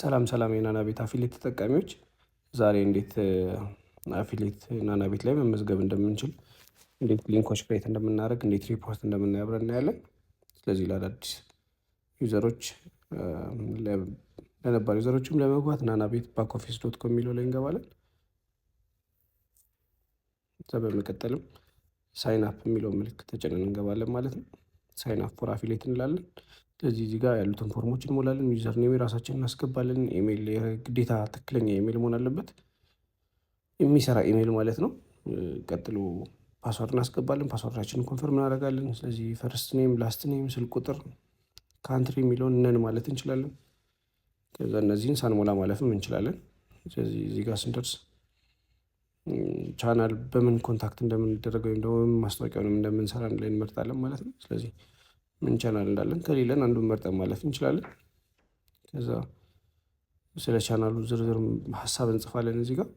ሰላም ሰላም የናና ቤት አፊሌት ተጠቃሚዎች፣ ዛሬ እንዴት አፊሌት ናና ቤት ላይ መመዝገብ እንደምንችል፣ እንዴት ሊንኮች ክሬት እንደምናደርግ፣ እንዴት ሪፖርት እንደምናያብረ እናያለን። ስለዚህ ለአዳዲስ ዩዘሮች ለነባር ዩዘሮችም ለመግባት ናና ቤት ባክ ኦፊስ ዶት ኮም የሚለው ላይ እንገባለን። እዛ በመቀጠልም ሳይን አፕ የሚለው ምልክት ተጭነን እንገባለን ማለት ነው። ሳይን አፕ ፎር አፊሌት እንላለን። ስለዚህ እዚህ ጋር ያሉትን ፎርሞች እንሞላለን። ዩዘር ኔም ራሳችን እናስገባለን። ኢሜል ግዴታ ትክክለኛ ኢሜል መሆን አለበት፣ የሚሰራ ኢሜል ማለት ነው። ቀጥሎ ፓስወርድ እናስገባለን። ፓስወርዳችንን ኮንፈርም እናደርጋለን። ስለዚህ ፈርስት ኔም፣ ላስት ኔም፣ ስልክ ቁጥር፣ ካንትሪ የሚለውን ነን ማለት እንችላለን። ከዛ እነዚህን ሳንሞላ ማለፍም እንችላለን። ስለዚህ እዚህ ጋር ስንደርስ ቻናል በምን ኮንታክት እንደምንደረገ ወይም ደግሞ ማስታወቂያውንም እንደምንሰራ ላይ እንመርጣለን ማለት ነው። ስለዚህ ምን ቻናል እንዳለን ከሌለን አንዱን መርጠን ማለፍ እንችላለን። ከዛ ስለ ቻናሉ ዝርዝር ሀሳብ እንጽፋለን እዚህ ጋር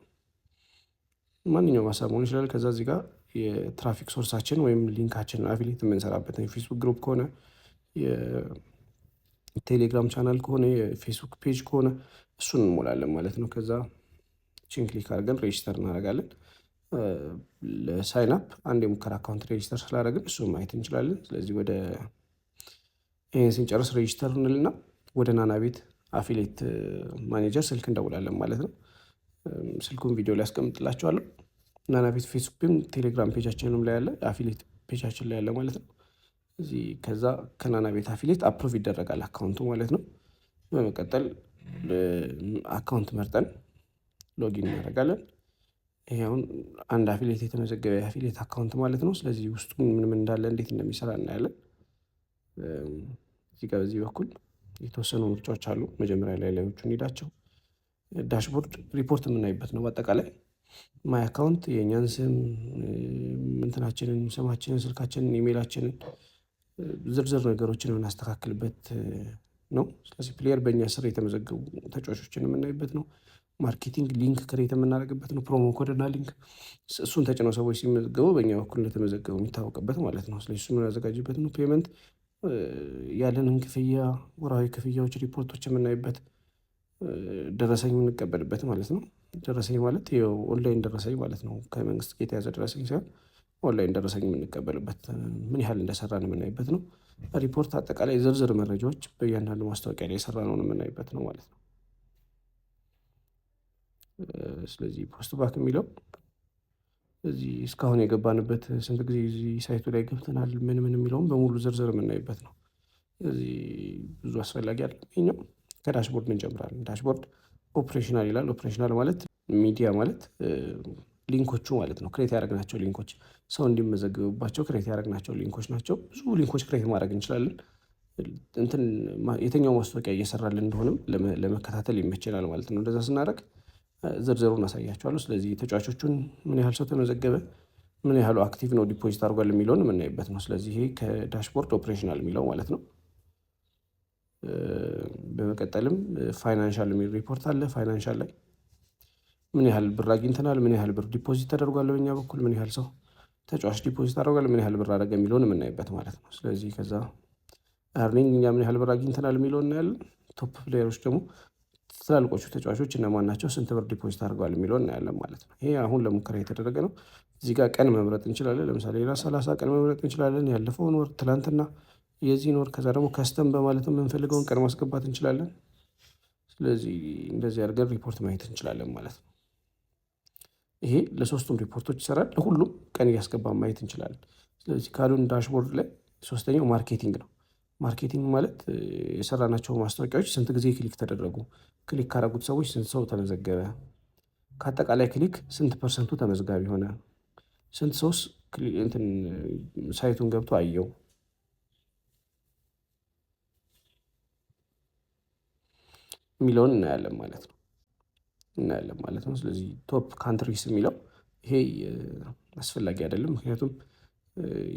ማንኛውም ሀሳብ መሆን ይችላል። ከዛ እዚህ ጋር የትራፊክ ሶርሳችን ወይም ሊንካችን አፊሌት የምንሰራበት የፌስቡክ ግሩፕ ከሆነ የቴሌግራም ቻናል ከሆነ የፌስቡክ ፔጅ ከሆነ እሱን እንሞላለን ማለት ነው። ከዛ ቺን ክሊክ አድርገን ሬጅስተር እናደርጋለን። ለሳይን አፕ አንድ የሙከራ አካውንት ሬጅስተር ስላደረግን እሱን ማየት እንችላለን። ስለዚህ ወደ ይህን ስንጨርስ ሬጅስተር እንልና ወደ ናና ቤት አፊሌት ማኔጀር ስልክ እንደውላለን ማለት ነው። ስልኩን ቪዲዮ ላይ ያስቀምጥላቸዋለሁ። ናና ቤት ፌስቡክም ቴሌግራም ፔጃችንም ላይ ያለ አፊሌት ፔጃችን ላይ ያለ ማለት ነው። እዚህ ከዛ ከናና ቤት አፊሌት አፕሮቭ ይደረጋል አካውንቱ ማለት ነው። በመቀጠል አካውንት መርጠን ሎጊን እናደርጋለን። ይሄ አንድ አፊሌት የተመዘገበ አፊሌት አካውንት ማለት ነው። ስለዚህ ውስጡ ምንም እንዳለ እንዴት እንደሚሰራ እናያለን። እዚህ ጋር በዚህ በኩል የተወሰኑ ምርጫዎች አሉ። መጀመሪያ ላይ ላዮቹ እንሄዳቸው ዳሽቦርድ ሪፖርት የምናይበት ነው። በአጠቃላይ ማይ አካውንት የእኛን ስም እንትናችንን፣ ስማችንን፣ ስልካችንን፣ ኢሜይላችንን ዝርዝር ነገሮችን የምናስተካክልበት ነው። ስለዚህ ፕሌየር በእኛ ስር የተመዘገቡ ተጫዋቾችን የምናይበት ነው። ማርኬቲንግ ሊንክ ክሬት የምናደርግበት ነው። ፕሮሞ ኮድ እና ሊንክ እሱን ተጭነው ሰዎች ሲመዘገቡ በእኛ በኩል እንደተመዘገቡ የሚታወቅበት ማለት ነው። ስለዚህ እሱ የምናዘጋጅበት ነው። ፔመንት ያለንን ክፍያ ወራዊ ክፍያዎች፣ ሪፖርቶች የምናይበት ደረሰኝ የምንቀበልበት ማለት ነው። ደረሰኝ ማለት ኦንላይን ደረሰኝ ማለት ነው። ከመንግስት የተያዘ ደረሰኝ ሲሆን ኦንላይን ደረሰኝ የምንቀበልበት ምን ያህል እንደሰራን የምናይበት ነው። ሪፖርት አጠቃላይ ዝርዝር መረጃዎች በእያንዳንዱ ማስታወቂያ ላይ የሰራነውን የምናይበት ነው ማለት ነው። ስለዚህ ፖስት ባክ የሚለው እዚህ እስካሁን የገባንበት ስንት ጊዜ እዚህ ሳይቱ ላይ ገብተናል፣ ምን ምን የሚለውም በሙሉ ዝርዝር የምናይበት ነው። እዚህ ብዙ አስፈላጊ አይደለም። ከዳሽቦርድ እንጀምራለን። ዳሽቦርድ ኦፕሬሽናል ይላል። ኦፕሬሽናል ማለት ሚዲያ ማለት ሊንኮቹ ማለት ነው። ክሬት ያደረግናቸው ሊንኮች ሰው እንዲመዘግብባቸው ክሬት ያደረግናቸው ሊንኮች ናቸው። ብዙ ሊንኮች ክሬት ማድረግ እንችላለን። እንትን የተኛው ማስታወቂያ እየሰራልን እንደሆንም ለመከታተል ይመችላል ማለት ነው። እንደዛ ስናደርግ ዝርዝሩን አሳያቸዋለሁ። ስለዚህ ተጫዋቾቹን ምን ያህል ሰው ተመዘገበ፣ ምን ያህሉ አክቲቭ ነው፣ ዲፖዚት አድርጓል የሚለውን የምናይበት ነው። ስለዚህ ይሄ ከዳሽቦርድ ኦፕሬሽናል የሚለው ማለት ነው። በመቀጠልም ፋይናንሻል የሚል ሪፖርት አለ። ፋይናንሻል ላይ ምን ያህል ብር አግኝተናል፣ ምን ያህል ብር ዲፖዚት ተደርጓል፣ በኛ በኩል ምን ያህል ሰው ተጫዋች ዲፖዚት አድርጓል፣ ምን ያህል ብር አደረገ የሚለውን የምናይበት ማለት ነው። ስለዚህ ከዛ እርኒንግ እኛ ምን ያህል ብር አግኝተናል የሚለውን እናያለን። ቶፕ ፕሌየሮች ደግሞ ትላልቆቹ ተጫዋቾች እነማን ናቸው፣ ስንት ብር ዲፖዚት አድርገዋል የሚለው እናያለን ማለት ነው። ይሄ አሁን ለሙከራ የተደረገ ነው። እዚህ ጋር ቀን መምረጥ እንችላለን። ለምሳሌ ሌላ ሰላሳ ቀን መምረጥ እንችላለን። ያለፈውን ወር፣ ትላንትና፣ የዚህን ወር ከዛ ደግሞ ከስተም በማለት የምንፈልገውን ቀን ማስገባት እንችላለን። ስለዚህ እንደዚህ አድርገን ሪፖርት ማየት እንችላለን ማለት ነው። ይሄ ለሶስቱም ሪፖርቶች ይሰራል። ለሁሉም ቀን እያስገባ ማየት እንችላለን። ስለዚህ ካሉን ዳሽቦርድ ላይ ሶስተኛው ማርኬቲንግ ነው። ማርኬቲንግ ማለት የሰራናቸው ማስታወቂያዎች ስንት ጊዜ ክሊክ ተደረጉ፣ ክሊክ ካረጉት ሰዎች ስንት ሰው ተመዘገበ፣ ከአጠቃላይ ክሊክ ስንት ፐርሰንቱ ተመዝጋቢ ሆነ፣ ስንት ሰውስ ሳይቱን ገብቶ አየው። የሚለውን እናያለን ማለት ነው እናያለን ማለት ነው። ስለዚህ ቶፕ ካንትሪስ የሚለው ይሄ አስፈላጊ አይደለም፣ ምክንያቱም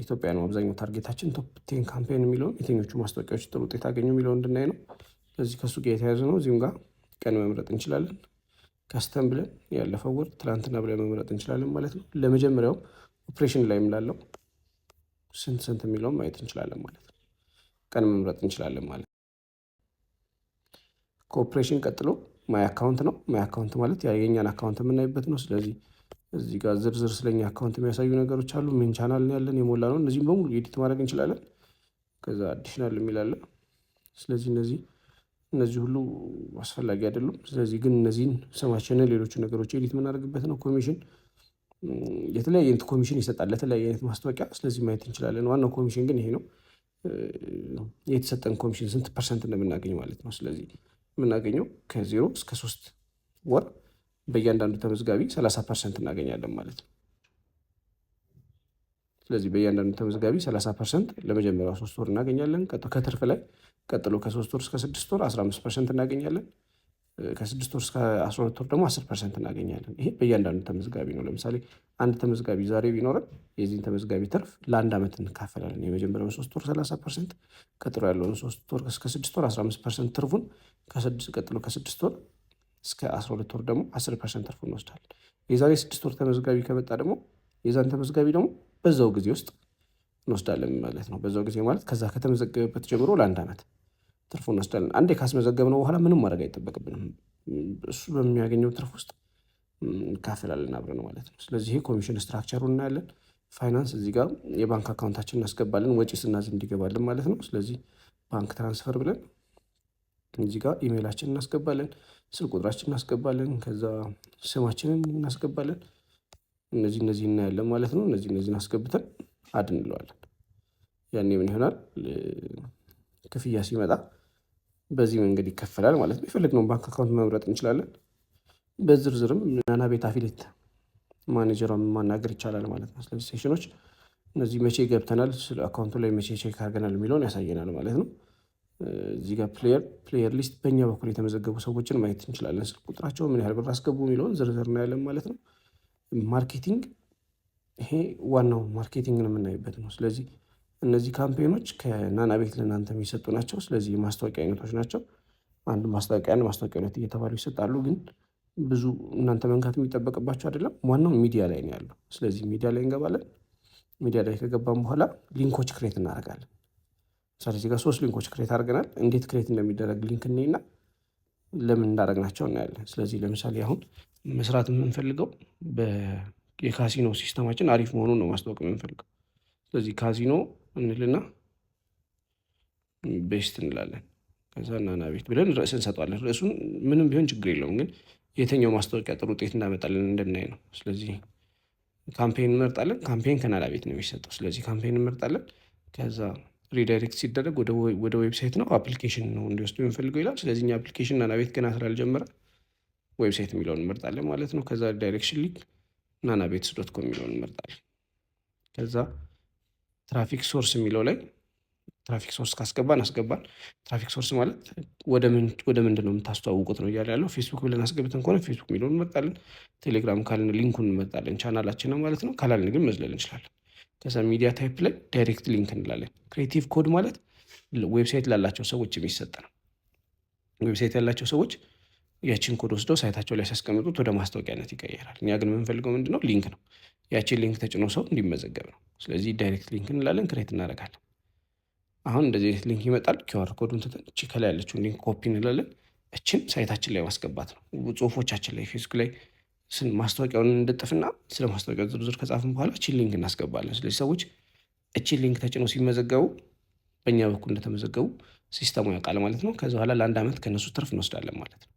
ኢትዮጵያ ነው አብዛኛው ታርጌታችን። ቶፕ ቴን ካምፔን የሚለውን የትኞቹ ማስታወቂያዎች ጥሩ ውጤት አገኙ የሚለው እንድናይ ነው። ስለዚህ ከእሱ ጋር የተያያዘ ነው። እዚሁም ጋር ቀን መምረጥ እንችላለን። ከስተም ብለን ያለፈው ወር ትላንትና ብለን መምረጥ እንችላለን ማለት ነው። ለመጀመሪያው ኦፕሬሽን ላይ ምላለው ስንት ስንት የሚለውን ማየት እንችላለን ማለት ነው። ቀን መምረጥ እንችላለን ማለት ነው። ከኦፕሬሽን ቀጥሎ ማይ አካውንት ነው። ማይ አካውንት ማለት የኛን አካውንት የምናይበት ነው። ስለዚህ እዚህ ጋር ዝርዝር ስለኛ አካውንት የሚያሳዩ ነገሮች አሉ። ምን ቻናል ያለን የሞላ ነው። እነዚህም በሙሉ ኤዲት ማድረግ እንችላለን። ከዛ አዲሽናል የሚላለን። ስለዚህ እነዚህ እነዚህ ሁሉ አስፈላጊ አይደሉም። ስለዚህ ግን እነዚህን ስማችንን፣ ሌሎቹ ነገሮች ኤዲት የምናደርግበት ነው። ኮሚሽን የተለያየ አይነት ኮሚሽን ይሰጣል ለተለያየ አይነት ማስታወቂያ። ስለዚህ ማየት እንችላለን። ዋናው ኮሚሽን ግን ይሄ ነው። የተሰጠን ኮሚሽን ስንት ፐርሰንት እንደምናገኝ ማለት ነው። ስለዚህ የምናገኘው ከዜሮ እስከ ሶስት ወር በእያንዳንዱ ተመዝጋቢ 30 ፐርሰንት እናገኛለን ማለት ነው። ስለዚህ በእያንዳንዱ ተመዝጋቢ 30 ፐርሰንት ለመጀመሪያው ሶስት ወር እናገኛለን። ከትርፍ ላይ ቀጥሎ ከሶስት ወር እስከ ስድስት ወር 15 ፐርሰንት እናገኛለን። ከስድስት ወር እስከ 12 ወር ደግሞ 10 ፐርሰንት እናገኛለን። ይሄ በእያንዳንዱ ተመዝጋቢ ነው። ለምሳሌ አንድ ተመዝጋቢ ዛሬ ቢኖረን የዚህን ተመዝጋቢ ትርፍ ለአንድ ዓመት እንካፈላለን። የመጀመሪያውን ሶስት ወር 30 ፐርሰንት፣ ቀጥሎ ያለውን ሶስት ወር እስከ ስድስት ወር 15 ፐርሰንት ትርፉን ቀጥሎ ከስድስት ወር እስከ 12 ወር ደግሞ 10 ፐርሰንት ትርፉን ይወስዳል። የዛሬ ስድስት ወር ተመዝጋቢ ከመጣ ደግሞ የዛን ተመዝጋቢ ደግሞ በዛው ጊዜ ውስጥ እንወስዳለን ማለት ነው። በዛው ጊዜ ማለት ከዛ ከተመዘገበበት ጀምሮ ለአንድ ዓመት ትርፉ እንወስዳለን። አንዴ ካስመዘገብነው በኋላ ምንም ማድረግ አይጠበቅብንም። እሱ በሚያገኘው ትርፍ ውስጥ እንካፈላለን አብረን ማለት ነው። ስለዚህ ይሄ ኮሚሽን ስትራክቸሩ እናያለን። ፋይናንስ እዚህ ጋር የባንክ አካውንታችን እናስገባለን፣ ወጪ ስናዝ እንዲገባለን ማለት ነው። ስለዚህ ባንክ ትራንስፈር ብለን እዚህ ጋር ኢሜይላችን እናስገባለን። ስልክ ቁጥራችን እናስገባለን። ከዛ ስማችንን እናስገባለን። እነዚህ እነዚህ እናያለን ማለት ነው። እነዚህ እነዚህን አስገብተን አድ እንለዋለን። ያኔ ምን ይሆናል? ክፍያ ሲመጣ በዚህ መንገድ ይከፈላል ማለት ነው። የፈለግነውን ባንክ አካውንት መምረጥ እንችላለን። በዝርዝርም ናና ቤት አፊሌት ማኔጀሯን ማናገር ይቻላል ማለት ነው። ስለዚህ ሴሽኖች እነዚህ መቼ ገብተናል፣ አካውንቱ ላይ መቼ ቼክ አድርገናል የሚለውን ያሳየናል ማለት ነው። እዚህ ጋር ፕሌየር ፕሌየር ሊስት በእኛ በኩል የተመዘገቡ ሰዎችን ማየት እንችላለን። ስልክ ቁጥራቸው ምን ያህል ብር አስገቡ የሚለውን ዝርዝር እናያለን ማለት ነው። ማርኬቲንግ ይሄ ዋናው ማርኬቲንግ ነው የምናይበት ነው። ስለዚህ እነዚህ ካምፔኖች ከናና ቤት ለእናንተ የሚሰጡ ናቸው። ስለዚህ የማስታወቂያ አይነቶች ናቸው። አንድ ማስታወቂያ አንድ ማስታወቂያ ሁለት እየተባሉ ይሰጣሉ። ግን ብዙ እናንተ መንካት የሚጠበቅባቸው አይደለም። ዋናው ሚዲያ ላይ ነው ያለው። ስለዚህ ሚዲያ ላይ እንገባለን። ሚዲያ ላይ ከገባም በኋላ ሊንኮች ክሬት እናደርጋለን። ለምሳሌ እዚህ ጋር ሶስት ሊንኮች ክሬት አድርገናል። እንዴት ክሬት እንደሚደረግ ሊንክ እኔና ለምን እንዳደረግናቸው እናያለን። ስለዚህ ለምሳሌ አሁን መስራት የምንፈልገው የካሲኖ ሲስተማችን አሪፍ መሆኑን ነው ማስታወቅ የምንፈልገው። ስለዚህ ካሲኖ እንልና ቤስት እንላለን። ከዛ ናና ቤት ብለን ርዕስ እንሰጠዋለን። ርዕሱን ምንም ቢሆን ችግር የለውም፣ ግን የትኛው ማስታወቂያ ጥሩ ውጤት እናመጣለን እንድናይ ነው። ስለዚህ ካምፔን እንመርጣለን። ካምፔን ከናና ቤት ነው የሚሰጠው። ስለዚህ ካምፔን እንመርጣለን ከዛ ሪዳይሬክት ሲደረግ ወደ ዌብሳይት ነው አፕሊኬሽን ነው እንዲወስዱ የምፈልገው ይላል። ስለዚህ እኛ አፕሊኬሽን ናና ቤት ገና ስላልጀመረ ዌብሳይት የሚለውን እንመርጣለን ማለት ነው። ከዛ ዳይሬክሽን ሊንክ ናና ቤትስ ዶት ኮም የሚለውን እንመርጣለን። ከዛ ትራፊክ ሶርስ የሚለው ላይ ትራፊክ ሶርስ ካስገባን አስገባን። ትራፊክ ሶርስ ማለት ወደ ምንድን ነው የምታስተዋውቁት ነው እያለ ያለው። ፌስቡክ ብለን አስገብተን ከሆነ ፌስቡክ የሚለውን እንመርጣለን። ቴሌግራም ካልን ሊንኩን እንመርጣለን፣ ቻናላችን ማለት ነው። ካላልን ግን መዝለል እንችላለን። ከዛ ሚዲያ ታይፕ ላይ ዳይሬክት ሊንክ እንላለን። ክሬቲቭ ኮድ ማለት ዌብሳይት ላላቸው ሰዎች የሚሰጥ ነው። ዌብሳይት ያላቸው ሰዎች ያችን ኮድ ወስደው ሳይታቸው ላይ ሲያስቀምጡት ወደ ማስታወቂያነት ይቀየራል። እኛ ግን የምንፈልገው ምንድነው ሊንክ ነው። ያችን ሊንክ ተጭኖ ሰው እንዲመዘገብ ነው። ስለዚህ ዳይሬክት ሊንክ እንላለን፣ ክሬት እናደርጋለን። አሁን እንደዚህ አይነት ሊንክ ይመጣል። ኪዋር ኮዱን ትተን እቺ ከላይ ያለችውን ሊንክ ኮፒ እንላለን። እችን ሳይታችን ላይ ማስገባት ነው። ጽሁፎቻችን ላይ ፌስቡክ ላይ ማስታወቂያውን እንደጥፍና ስለ ማስታወቂያ ዝርዝር ከጻፍን በኋላ እቺ ሊንክ እናስገባለን። ስለዚህ ሰዎች እቺ ሊንክ ተጭኖ ሲመዘገቡ በእኛ በኩል እንደተመዘገቡ ሲስተሙ ያውቃል ማለት ነው። ከዚ በኋላ ለአንድ ዓመት ከነሱ ትርፍ እንወስዳለን ማለት ነው።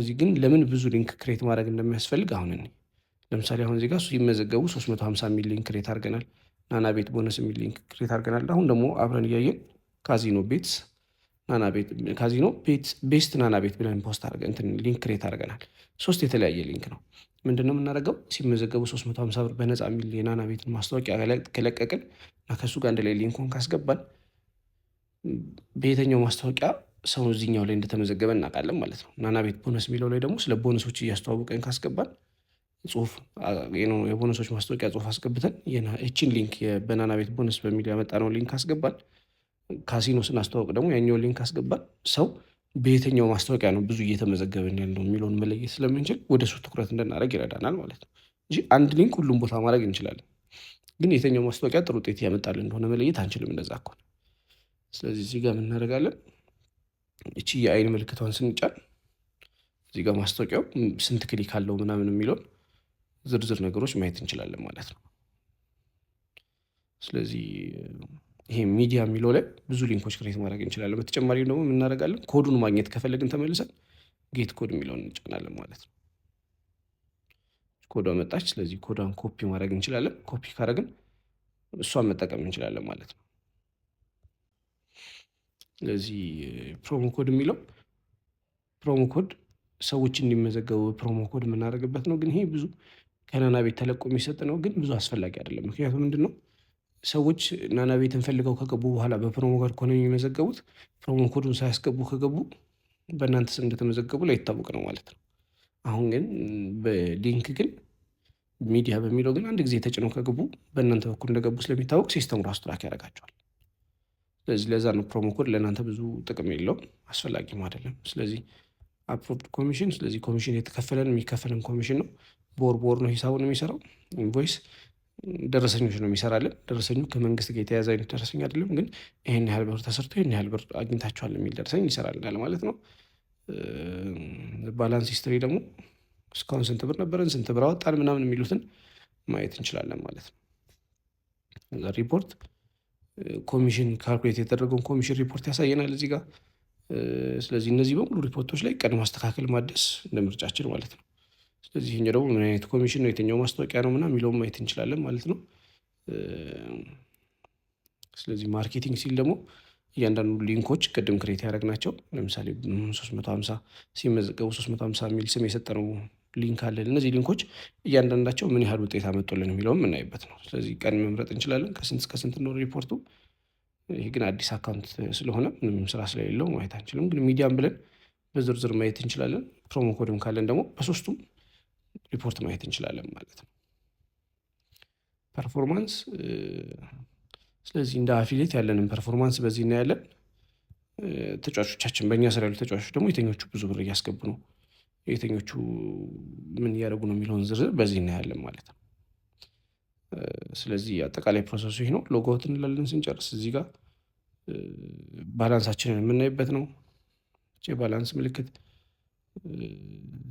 እዚህ ግን ለምን ብዙ ሊንክ ክሬት ማድረግ እንደሚያስፈልግ አሁን እኔ ለምሳሌ አሁን እዚህ ጋር ሲመዘገቡ 350 ሚል ሊንክ ክሬት አድርገናል። ናና ቤት ቦነስ የሚል ሊንክ ክሬት አድርገናል። አሁን ደግሞ አብረን እያየን ካዚኖ ቤትስ ናና ቤት ካዚኖ ቤስት ናና ቤት ብለን ፖስት አድርገን ሊንክ ክሬት አድርገናል። ሶስት የተለያየ ሊንክ ነው። ምንድነው የምናደርገው? ሲመዘገቡ 350 ብር በነፃ የሚል የናና ቤትን ማስታወቂያ ከለቀቅን እና ከሱ ጋር አንድ ላይ ሊንኩን ካስገባን በየተኛው ማስታወቂያ ሰው እዚኛው ላይ እንደተመዘገበ እናውቃለን ማለት ነው። ናና ቤት ቦነስ የሚለው ላይ ደግሞ ስለ ቦነሶች እያስተዋወቀን ካስገባን ጽሁፍ የቦነሶች ማስታወቂያ ጽሁፍ አስገብተን ይችን ሊንክ በናና ቤት ቦነስ በሚል ያመጣነው ሊንክ አስገባል ካሲኖ ስናስተዋወቅ ደግሞ ያኛው ሊንክ አስገባል ሰው በየትኛው ማስታወቂያ ነው ብዙ እየተመዘገበን ያለው የሚለውን መለየት ስለምንችል ወደ ሱ ትኩረት እንድናደርግ ይረዳናል ማለት ነው እንጂ አንድ ሊንክ ሁሉም ቦታ ማድረግ እንችላለን። ግን የተኛው ማስታወቂያ ጥሩ ውጤት ያመጣል እንደሆነ መለየት አንችልም እንደዛ ከሆነ። ስለዚህ እዚህ ጋር የምናደርጋለን እቺ የአይን ምልክቷን ስንጫን እዚህ ጋር ማስታወቂያው ስንት ክሊክ አለው ምናምን የሚለውን ዝርዝር ነገሮች ማየት እንችላለን ማለት ነው። ስለዚህ ይሄ ሚዲያ የሚለው ላይ ብዙ ሊንኮች ክሬት ማድረግ እንችላለን። በተጨማሪ ደግሞ የምናደርጋለን ኮዱን ማግኘት ከፈለግን ተመልሰን ጌት ኮድ የሚለውን እንጫናለን ማለት ነው። ኮዷ መጣች። ስለዚህ ኮዷን ኮፒ ማድረግ እንችላለን። ኮፒ ካደረግን እሷን መጠቀም እንችላለን ማለት ነው። ስለዚህ ፕሮሞ ኮድ የሚለው ፕሮሞ ኮድ ሰዎች እንዲመዘገቡ ፕሮሞ ኮድ የምናደርግበት ነው። ግን ይሄ ብዙ ከነና ቤት ተለቆ የሚሰጥ ነው፣ ግን ብዙ አስፈላጊ አይደለም። ምክንያቱም ምንድን ነው ሰዎች ናና ቤትን ፈልገው ከገቡ በኋላ በፕሮሞ ጋር ከሆነ የሚመዘገቡት ፕሮሞ ኮዱን ሳያስገቡ ከገቡ በእናንተ ስም እንደተመዘገቡ ላይታወቅ ነው ማለት ነው። አሁን ግን በሊንክ ግን ሚዲያ በሚለው ግን አንድ ጊዜ ተጭነው ከገቡ በእናንተ በኩል እንደገቡ ስለሚታወቅ ሲስተሙ ራሱ ትራክ ያደርጋቸዋል። ስለዚህ ለዛ ነው ፕሮሞ ኮድ ለእናንተ ብዙ ጥቅም የለውም፣ አስፈላጊም አይደለም። ስለዚህ አፕሮቭድ ኮሚሽን፣ ስለዚህ ኮሚሽን የተከፈለን የሚከፈለን ኮሚሽን ነው። በወር በወር ነው ሂሳቡን የሚሰራው ኢንቮይስ ደረሰኞች ነው የሚሰራልን። ደረሰኙ ከመንግስት ጋር የተያዘ አይነት ደረሰኝ አይደለም፣ ግን ይህን ያህል ብር ተሰርቶ ይህን ያህል ብር አግኝታችኋል የሚል ደረሰኝ ይሰራልናል ማለት ነው። ባላንስ ሂስትሪ ደግሞ እስካሁን ስንት ብር ነበረን፣ ስንት ብር አወጣን ምናምን የሚሉትን ማየት እንችላለን ማለት ነው። ሪፖርት ኮሚሽን ካልኩሌት የተደረገውን ኮሚሽን ሪፖርት ያሳየናል እዚህ ጋር። ስለዚህ እነዚህ በሙሉ ሪፖርቶች ላይ ቀድሞ ማስተካከል ማደስ እንደ ምርጫችን ማለት ነው። እዚህኛው ደግሞ ምን አይነት ኮሚሽን ነው፣ የትኛው ማስታወቂያ ነው ምናምን የሚለውን ማየት እንችላለን ማለት ነው። ስለዚህ ማርኬቲንግ ሲል ደግሞ እያንዳንዱ ሊንኮች ቅድም ክሬት ያደረግናቸው ለምሳሌ 350 ሲመዘገቡ 350 የሚል ስም የሰጠነው ሊንክ አለን። እነዚህ ሊንኮች እያንዳንዳቸው ምን ያህል ውጤት አመጡልን የሚለውን የምናይበት ነው። ስለዚህ ቀን መምረጥ እንችላለን፣ ከስንት እስከ ስንት ነው ሪፖርቱ። ይህ ግን አዲስ አካውንት ስለሆነ ምንም ስራ ስለሌለው ማየት አንችልም። ግን ሚዲያም ብለን በዝርዝር ማየት እንችላለን። ፕሮሞ ኮድም ካለን ደግሞ በሶስቱም ሪፖርት ማየት እንችላለን ማለት ነው። ፐርፎርማንስ ስለዚህ እንደ አፊሌት ያለንን ፐርፎርማንስ በዚህ እናያለን። ተጫዋቾቻችን በእኛ ስራ ያሉ ተጫዋቾች ደግሞ የተኞቹ ብዙ ብር እያስገቡ ነው፣ የተኞቹ ምን እያደረጉ ነው የሚለውን ዝርዝር በዚህ እናያለን ማለት ነው። ስለዚህ አጠቃላይ ፕሮሰሱ ይህ ነው። ሎጎት እንላለን ስንጨርስ። እዚህ ጋር ባላንሳችንን የምናይበት ነው። ባላንስ ምልክት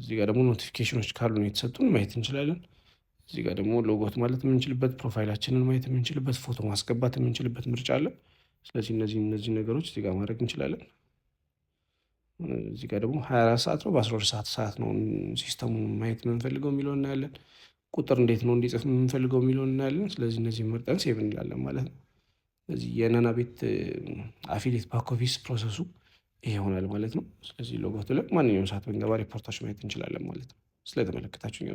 እዚህ ጋር ደግሞ ኖቲፊኬሽኖች ካሉ ነው የተሰጡን ማየት እንችላለን። እዚህ ጋር ደግሞ ሎጎት ማለት የምንችልበት ፕሮፋይላችንን ማየት የምንችልበት ፎቶ ማስገባት የምንችልበት ምርጫ አለ። ስለዚህ እነዚህ እነዚህ ነገሮች እዚህ ጋር ማድረግ እንችላለን። እዚህ ጋር ደግሞ ሀያ አራት ሰዓት ነው በአስራ ሁለት ሰዓት ሰዓት ነው ሲስተሙ ማየት የምንፈልገው የሚለውን እናያለን። ቁጥር እንዴት ነው እንዲጽፍ የምንፈልገው የሚለውን እናያለን። ስለዚህ እነዚህ መርጠን ሴቭ እንላለን ማለት ነው። ስለዚህ የነና ቤት አፊሌት ባክ ኦፊስ ፕሮሰሱ ይሄ ይሆናል ማለት ነው። ስለዚህ ሎጎ ትልቅ ማንኛውም ሰዓት ብንገባ ሪፖርታችን ማየት እንችላለን ማለት ነው። ስለተመለከታችሁ